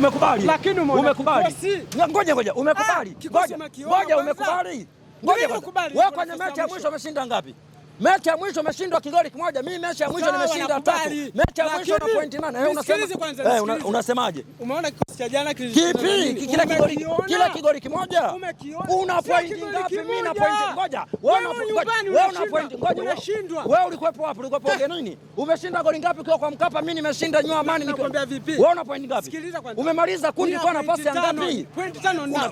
Umekubali. Lakini umekubali. Ngoja ngoja, umekubali. Ah, ngoja umekubali. Wewe kwenye mechi ya mwisho umeshinda ngapi? Mechi ya mwisho umeshindwa kigoli kimoja. Mimi mechi ya mwisho nimeshinda tatu. Mechi ya mwisho na pointi nane. Eh, unasema Eh, unasemaje? Umeona kikosi cha jana kipi? Kila kigoli kila kigoli kimoja. Una pointi ngapi? Mimi na pointi moja. Wewe una pointi Wewe una pointi ngoja. Umeshindwa. Wewe ulikuwepo wapi? Ulikuwepo ugenini? Umeshinda goli ngapi kwa kwa Mkapa? Mimi nimeshinda nyua amani nikwambia vipi? Wewe una pointi ngapi? Sikiliza kwanza. Umemaliza kundi kwa nafasi ya ngapi? Pointi tano ndio.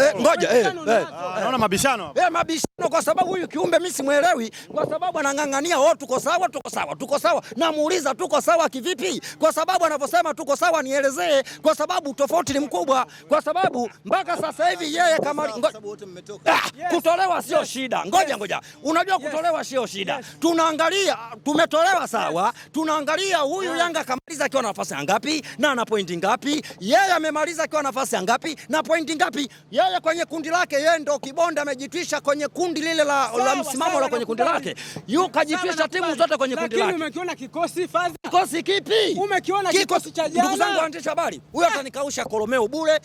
Eh, ngoja eh. eh. Naona mabishano hapa. Eh, mabishano hapo kwa sababu huyu kiumbe mimi simuelewi, kwa sababu anang'ang'ania oh, tuko sawa, tuko sawa, tuko sawa. Namuuliza tuko sawa kivipi? Kwa sababu anaposema tuko sawa, nielezee, kwa sababu tofauti ni mkubwa, kwa sababu mpaka sasa hivi yeye kama ah, kutolewa sio shida. Ngoja ngoja, unajua kutolewa sio shida, tunaangalia tumetolewa sawa, tunaangalia huyu ah. Yanga kamaliza akiwa na nafasi ngapi na ana pointi ngapi, yeye amemaliza akiwa na nafasi ngapi na pointi ngapi, yeye kwenye kundi lake, yeye ndo kibonde amejitwisha kwenye kundi kundi lile la la msimamo la kwenye kundi lake, yu timu zote kwenye kundi lake. Umekiona kikosi fadhi? Kikosi kipi? Umekiona kikosi cha jana? Ndugu zangu waandishi habari, huyu eh. atanikausha koromeo bure.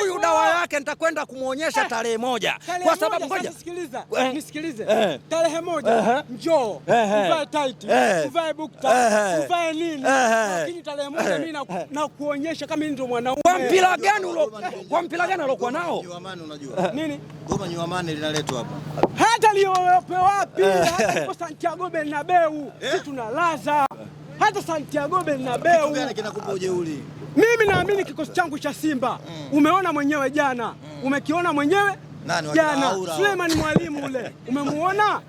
Huyu dawa yake nitakwenda kumwonyesha eh. tarehe moja, kwa sababu ngoja eh. nisikilize. nisikilize. Tarehe moja njoo uvae tight, uvae bukta, uvae nini, lakini tarehe moja mimi na kuonyesha kama ndio mwanaume. Kwa mpira gani ulo, kwa mpira gani alokuwa nao? Nini? Goma nyuamani linaletwa hapa hata liowope wapi eh. hata Santiago Bernabeu eh. tunalaza hata Santiago Bernabeu. Mimi naamini kikosi changu cha Simba mm. umeona mwenyewe jana, mm. umekiona mwenyewe jana. Suleiman Mwalimu ule umemuona,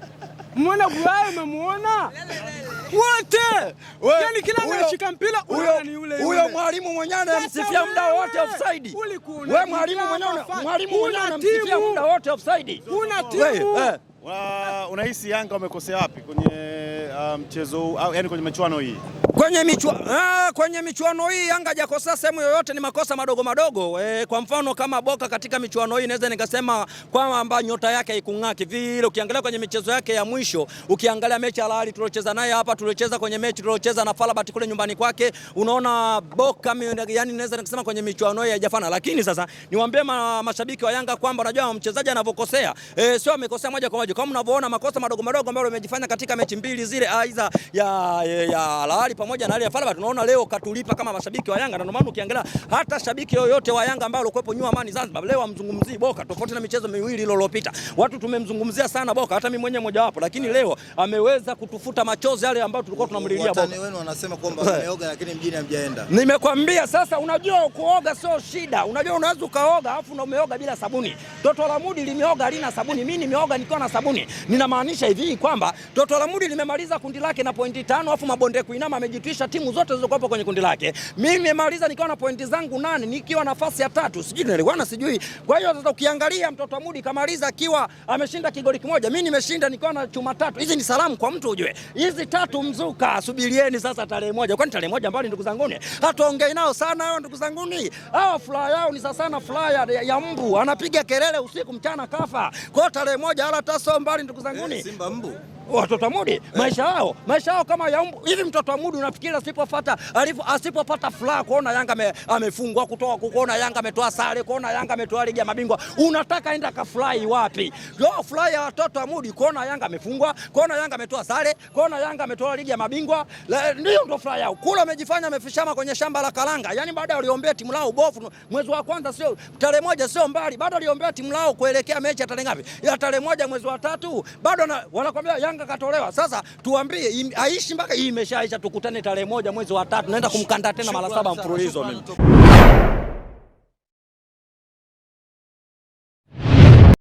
umemuona Bulaya, umemuona wote, yani kila unashika mpira huyo ni yule Huyo mwalimu mwenyewe anamsifia muda wote offside. Wewe mwalimu mwenyewe, mwalimu mwenyewe anamsifia muda wote offside. Una timu unahisi Yanga wamekosea wapi kwenye uh, mchezo um, au yani kwenye michuano hii? Kwenye michuano, ah, eh, kwenye michuano hii Yanga hajakosea sehemu yoyote, ni makosa madogo madogo. E, kwa mfano kama Boka katika michuano hii naweza nikasema kwamba nyota yake haikung'aa kivile. Ukiangalia kwenye michezo yake ya mwisho, ukiangalia mechi ya Al-Ahli tuliocheza naye hapa, tuliocheza kwenye mechi tuliocheza na Falabat kule nyumbani kwake, unaona Boka yani naweza nikasema kwenye michuano hii haijafana. Lakini sasa niwaambie ma, mashabiki wa Yanga kwamba unajua mchezaji anavyokosea, e, sio amekosea moja kwa moja. Kama mnavyoona makosa madogo madogo ambayo amejifanya katika mechi mbili zile, aidha ya ya ya ahli pamoja pamoja na Falaba tunaona leo katulipa kama mashabiki wa Yanga, na ndio maana ukiangalia hata shabiki yoyote wa Yanga ambao alikuwepo nyuma Amani Zanzibar leo amzungumzii Boka, tofauti na michezo miwili iliyopita. Watu tumemzungumzia sana Boka, hata mimi mwenyewe mmoja wapo, lakini leo ameweza kutufuta machozi yale ambayo tulikuwa tunamlilia Boka. Watani wenu wanasema kwamba ameoga lakini mjini hamjaenda. Nimekwambia sasa, unajua kuoga sio shida. Unajua unaweza ukaoga afu na umeoga bila sabuni. Toto la Mudi limeoga lina sabuni. Mimi nimeoga nikiwa na sabuni. Ninamaanisha hivi kwamba Toto la Mudi limemaliza kundi lake na pointi tano afu mabonde kuinama ameji kutwisha timu zote zilizokuwepo kwenye kundi lake. Mimi nimemaliza nikiwa na pointi zangu nane nikiwa nafasi ya tatu, sijui niliwana, sijui. Kwa hiyo sasa ukiangalia mtoto Amudi kamaliza akiwa ameshinda kigoli kimoja, mimi nimeshinda nikiwa na chuma tatu. Hizi ni salamu kwa mtu ujue, hizi tatu mzuka, subirieni sasa tarehe moja, kwani tarehe moja mbali, ndugu zanguni hatuongei nao sana hao ndugu zanguni, Hao furaha yao ni sasa sana furaha ya, mbu anapiga kelele usiku mchana kafa. Kwa hiyo tarehe moja, hala taso mbali ndugu zanguni, hey, eh, Simba mbu watoto wa Mudi eh. maisha yao maisha yao kama ya mbu hivi. Mtoto wa Mudi unafikiri asipopata alipo asipopata furaha kuona Yanga amefungwa kutoka kuona Yanga ametoa sare kuona Yanga ametoa ligi ya mabingwa, unataka aenda kafurahi wapi? Ndio furaha ya watoto wa Mudi, kuona Yanga amefungwa, kuona Yanga ametoa sare, kuona Yanga ametoa ligi ya mabingwa, ndio ndio furaha yao. Kule amejifanya amefishama kwenye shamba la karanga, yani baada waliombea timu lao bofu mwezi wa kwanza, sio tarehe moja, sio mbali, bado waliombea timu lao kuelekea mechi ya tarehe ngapi ya tarehe moja mwezi wa tatu, bado wanakwambia Tanga katolewa. Sasa tuambie aishi mpaka imeshaisha, tukutane tarehe moja mwezi wa tatu, naenda kumkanda tena mara saba mfululizo mimi.